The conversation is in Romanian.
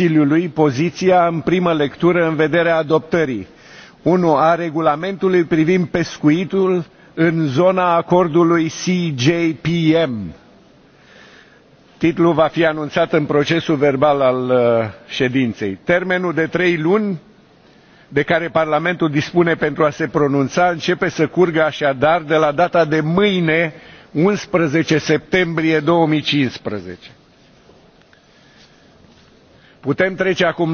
Consiliului poziția în primă lectură în vederea adoptării 1 a regulamentului privind pescuitul în zona acordului CJPM. Titlul va fi anunțat în procesul verbal al uh, ședinței. Termenul de trei luni de care Parlamentul dispune pentru a se pronunța începe să curgă așadar de la data de mâine, 11 septembrie 2015 putem trece acum